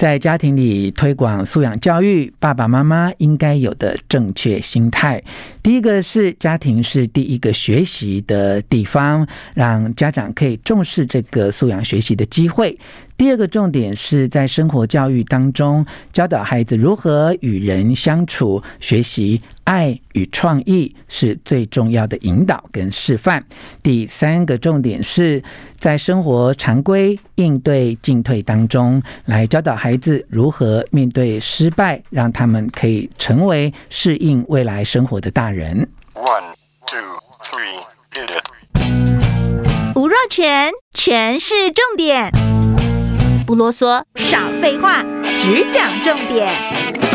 在家庭裡推廣素養教育，爸爸媽媽應該有的正確心態。第一個是，家庭是第一個學習的地方，讓家長可以重視這個素養學習的機會。第二個重點是在生活教育當中教導孩子如何與人相處，學習愛與創意是最重要的引導跟示範。第三個重點是在生活常規應對進退當中來教導孩子如何面對失敗，讓他們可以成為適應未來生活的大人。One, two, three, get it. 吳若權，權是重點。不囉嗦，少廢話，只講重點。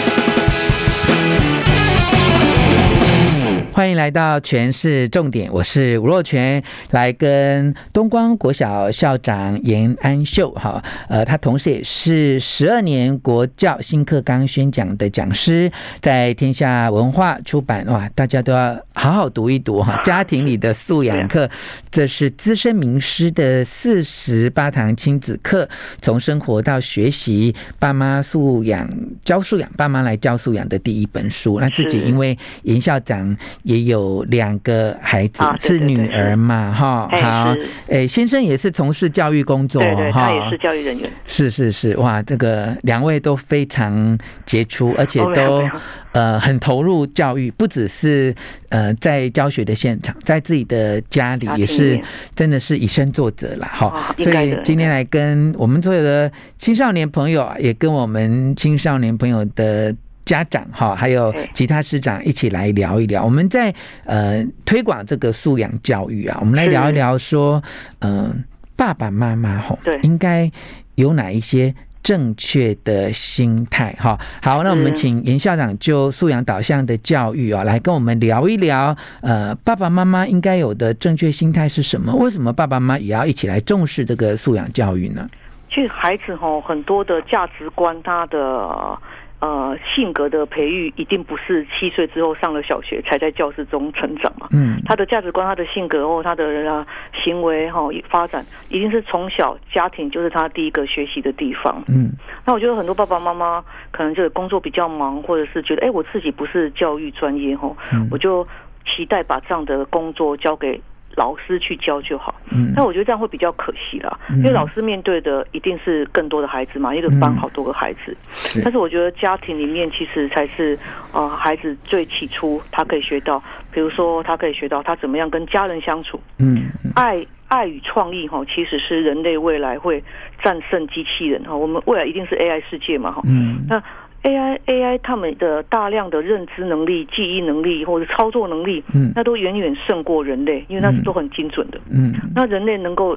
歡迎來到權式重點，我是吳若權，來跟東光國小校長顏安秀哈，呃，他同時也是十二年國教新課綱宣講的講師，在天下文化出版哇，大家都要好好讀一讀哈，家庭裡的素養課，嗯，這是資深名師的四十八堂親子課，從生活到學習，爸媽素養教素養，爸媽來教素養的第一本書，那自己因為顏校長。也有兩個孩子、啊、對對對是女兒嘛，哈，好、哎，先生也是從事教育工作，哈，也是教育人員、哦，是是是，哇，這個兩位都非常傑出，而且都、哦啊啊、呃很投入教育，不只是呃在教學的現場，在自己的家裡、啊、也是，真的是以身作則啦，哈，哦、所以今天來跟我們所有的青少年朋友，也跟我們青少年朋友的。家長哈，還有其他師長一起來聊一聊。嘿我們在呃推廣這個素養教育啊，我們來聊一聊說，嗯是、呃，爸爸媽媽哈，對，應該有哪一些正確的心態哈？好，那我們請顏校長就素養導向的教育啊，嗯、來跟我們聊一聊。呃，爸爸媽媽應該有的正確心態是什麼？為什麼爸爸媽媽也要一起來重視這個素養教育呢？其實孩子吼很多的價值觀，他的。呃，性格的培育一定不是七歲之後上了小學才在教室中成長嘛。嗯，他的價值觀、他的性格哦、他的行為哈、哦、發展，一定是從小家庭就是他第一個學習的地方。嗯，那我覺得很多爸爸媽媽可能就是工作比較忙，或者是覺得哎、欸、我自己不是教育專業哈，哦嗯、我就期待把這樣的工作交給。老師去教就好，那、嗯、我覺得這樣會比較可惜了，嗯、因為老師面對的一定是更多的孩子嘛，一個班好多個孩子。嗯、但是我覺得家庭裡面其實才是，呃，孩子最起初他可以學到，比如說他可以學到他怎麼樣跟家人相處。嗯，嗯愛愛與創意齁，其實是人類未來會戰勝機器人齁，我們未來一定是 AI 世界嘛齁。嗯，那。AI，AI，他們的大量的認知能力、記憶能力或者操作能力，嗯，那都遠遠勝過人類，因為那是都很精準的，嗯。嗯，那人類能夠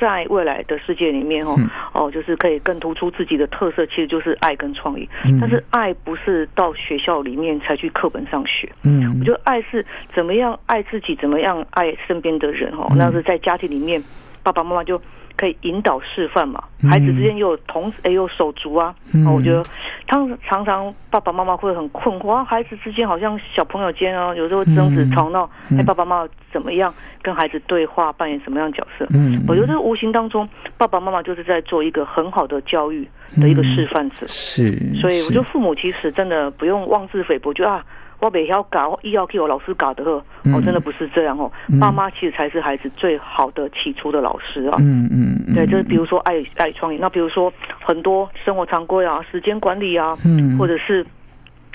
在未來的世界裡面哦，哦、嗯、哦，就是可以更突出自己的特色，其實就是愛跟創意。嗯、但是愛不是到學校裡面才去課本上學，嗯，我覺得愛是怎麼樣愛自己，怎麼樣愛身邊的人、哦，哈、嗯，那是在家庭裡面，爸爸媽媽就。可以引導示範嘛，孩子之間又有同，哎、欸，又手足啊。嗯，我覺得他常常爸爸媽媽會很困惑啊，孩子之間好像小朋友間啊，有時候爭執吵鬧，哎、嗯欸，爸爸媽媽怎麼樣跟孩子對話，扮演什麼樣的角色？嗯，我覺得這個無形當中爸爸媽媽就是在做一個很好的教育的一個示範者，嗯。是，是所以我覺得父母其實真的不用妄自菲薄，就啊。我不要搞，醫要給我老師搞的、嗯、哦，真的不是這樣哦。爸媽其實才是孩子最好的起初的老師啊。嗯嗯，嗯嗯對，就是比如說愛愛創意，那比如說很多生活常規啊，時間管理啊，嗯、或者是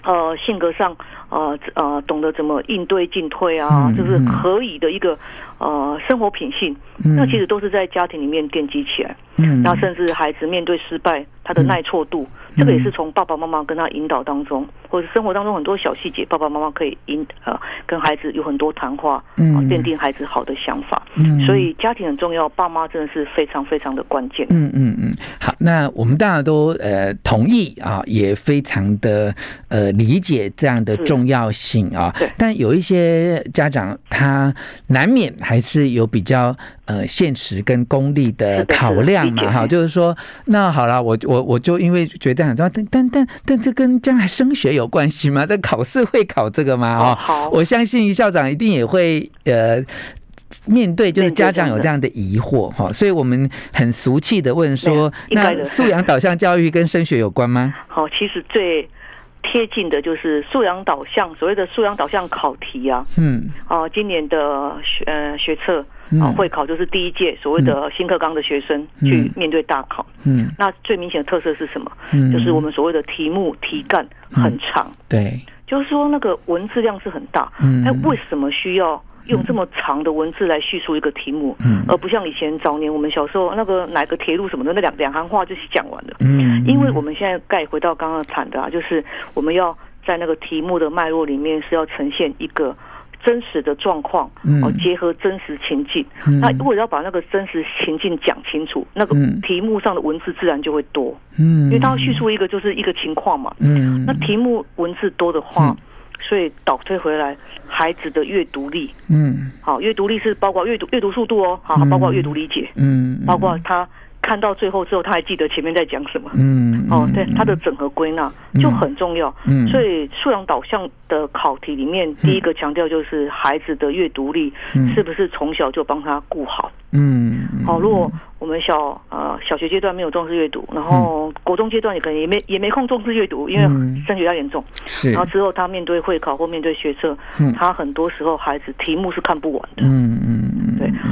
呃性格上呃呃懂得怎麼應對進退啊，就、嗯、是可以的一個。呃，生活品性，嗯、那其實都是在家庭裡面奠基起來。嗯，那甚至孩子面對失敗，他的耐挫度，嗯、這個也是從爸爸媽媽跟他引導當中，嗯、或者生活當中很多小細節，爸爸媽媽可以引呃，跟孩子有很多談話，嗯、呃，奠定孩子好的想法。嗯，所以家庭很重要，爸媽真的是非常非常的關鍵。嗯嗯嗯，好，那我們大家都呃同意啊，也非常的呃理解這樣的重要性啊。是哦、對，但有一些家長他難免。還是有比較呃現實跟功利的考量嘛，哈，是是，就是說，那好啦，我我我就因為覺得很重要，但但但但這跟將來升學有關係嗎？這考試會考這個嗎？哦，好，我相信顏校長一定也會呃面對，就是家長有這樣的疑惑哈、哦，所以我們很俗氣的問說，啊、那素養導向教育跟升學有關嗎？好、哦，其實最。貼近的就是素養導向，所謂的素養導向考題啊，嗯，啊、呃、今年的學呃學測啊、嗯，會考就是第一屆所謂的新課綱的學生去面對大考，嗯，嗯，那最明顯的特色是什麼？嗯，就是我們所謂的題目題幹、嗯，很長，對，就是說那個文字量是很大，嗯，那為什麼需要用這麼長的文字來敘述一個題目？嗯，而不像以前早年我們小時候那個哪個鐵路什麼的那兩兩行話就講完了，嗯。因為我們現在該回到剛剛談的啊，就是我們要在那個題目的脈絡裡面是要呈現一個真實的狀況，哦、嗯，結合真實情境。嗯、那如果要把那個真實情境講清楚，那個題目上的文字自然就會多。嗯，因為它要敘述一個就是一個情況嘛。嗯，那題目文字多的話，嗯，所以倒退回來，孩子的閱讀力，嗯，好，閱讀力是包括閱讀閱讀速度哦好，好，包括閱讀理解，嗯，嗯嗯包括他。看到最後之後，他還記得前面在講什麼。嗯，嗯哦，對，他的整合歸納就很重要。嗯，嗯所以素養導向的考題裡面，第一個強調就是孩子的閱讀力是不是從小就幫他顧好嗯。嗯，好、哦，如果我們小呃小學階段沒有重視閱讀，然後國中階段也可能也沒也沒空重視閱讀，因為升學要嚴重。是、嗯，然後之後他面對會考或面對學測，嗯、他很多時候孩子題目是看不完的。嗯嗯。嗯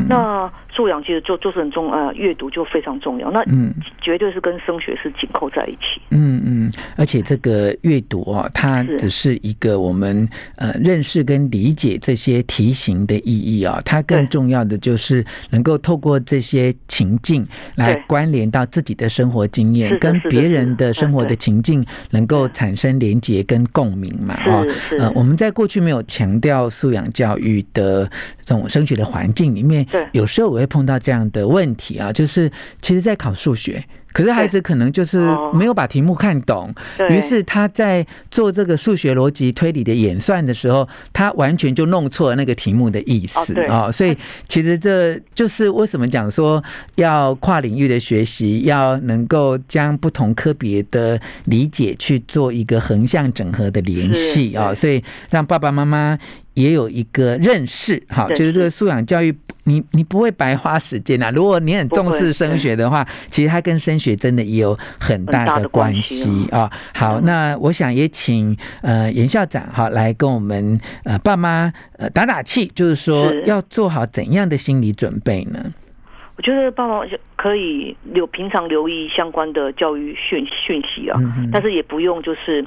那素養其實就就是很重啊，閱讀就非常重要。那嗯，絕對是跟升學是緊扣在一起。嗯嗯，而且這個閱讀哦，它只是一個我們呃認識跟理解這些題型的意義哦，它更重要的就是能夠透過這些情境來關聯到自己的生活經驗，是是是是跟別人的生活的情境能夠產生連結跟共鳴嘛。啊、哦，是是呃，我們在過去沒有強調素養教育的這種升學的環境裡面。有時候我會碰到這樣的問題啊，就是其實在考數學，可是孩子可能就是沒有把題目看懂，於是他在做這個數學邏輯推理的演算的時候，他完全就弄錯了那個題目的意思啊。所以其實這就是為什麼講說要跨領域的學習，要能夠將不同科別的理解去做一個橫向整合的聯繫啊。所以讓爸爸媽媽。也有一個認識，哈，就是這個素養教育，你你不會白花時間吶。如果你很重視升學的話，其實它跟升學真的也有很大的關係啊。好，那我想也請呃顏校長哈，來跟我們呃爸媽呃打打氣，就是說是要做好怎樣的心理準備呢？我覺得爸媽可以留平常留意相關的教育訊訊息啊，嗯哼，但是也不用就是。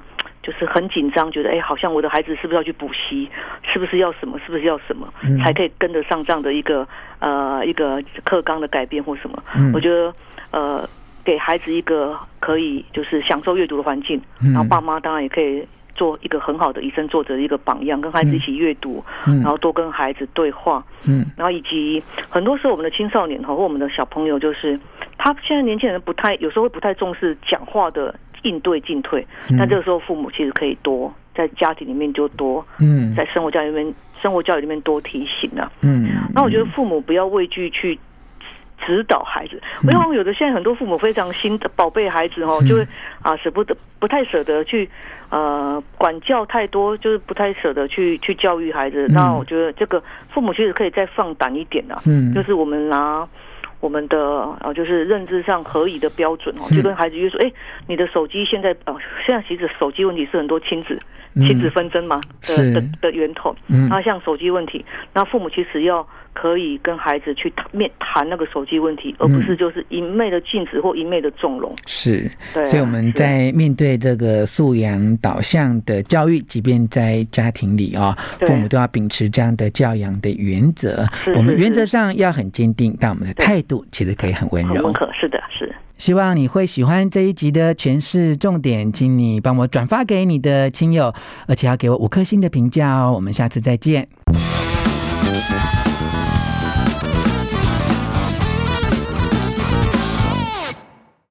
就是很緊張，覺得哎、欸，好像我的孩子是不是要去補習，是不是要什麼，是不是要什麼，嗯、才可以跟得上這樣的一個呃一個課綱的改變或什麼？嗯、我覺得呃，給孩子一個可以就是享受閱讀的環境，嗯、然後爸媽當然也可以做一個很好的以身作則的一個榜樣，跟孩子一起閱讀，嗯、然後多跟孩子對話，嗯，嗯然後以及很多時候我們的青少年和我們的小朋友就是他現在年輕人不太有時候會不太重視講話的。應對進退，那這個時候父母其實可以多在家庭裡面就多，嗯，在生活教育裡面生活教育裡面多提醒啊嗯，那我覺得父母不要畏懼去指導孩子，嗯、因為好像有的現在很多父母非常心疼寶貝孩子哦，嗯、就會啊舍不得，不太舍得去呃管教太多，就是不太舍得去去教育孩子，嗯、那我覺得這個父母其實可以再放膽一點的、啊、嗯，就是我們拿。我們的啊，就是認知上合一的標準哦，就跟孩子約束哎，你的手機現在啊，現在其實手機問題是很多親子、嗯、親子紛爭嘛的的是的源頭。嗯、那像手機問題，那父母其實要。可以跟孩子去面談那個手機問題，嗯、而不是就是一昧的禁止或一昧的縱容。是，啊、所以我們在面對這個素養導向的教育，即便在家庭裡、哦、啊，父母都要秉持這樣的教養的原則。是是是，我們原則上要很堅定，對但我們的態度其實可以很溫柔。溫是的，是。希望你會喜歡這一集的權式重點，請你幫我轉發給你的親友，而且要給我五顆星的評價哦。我們下次再見。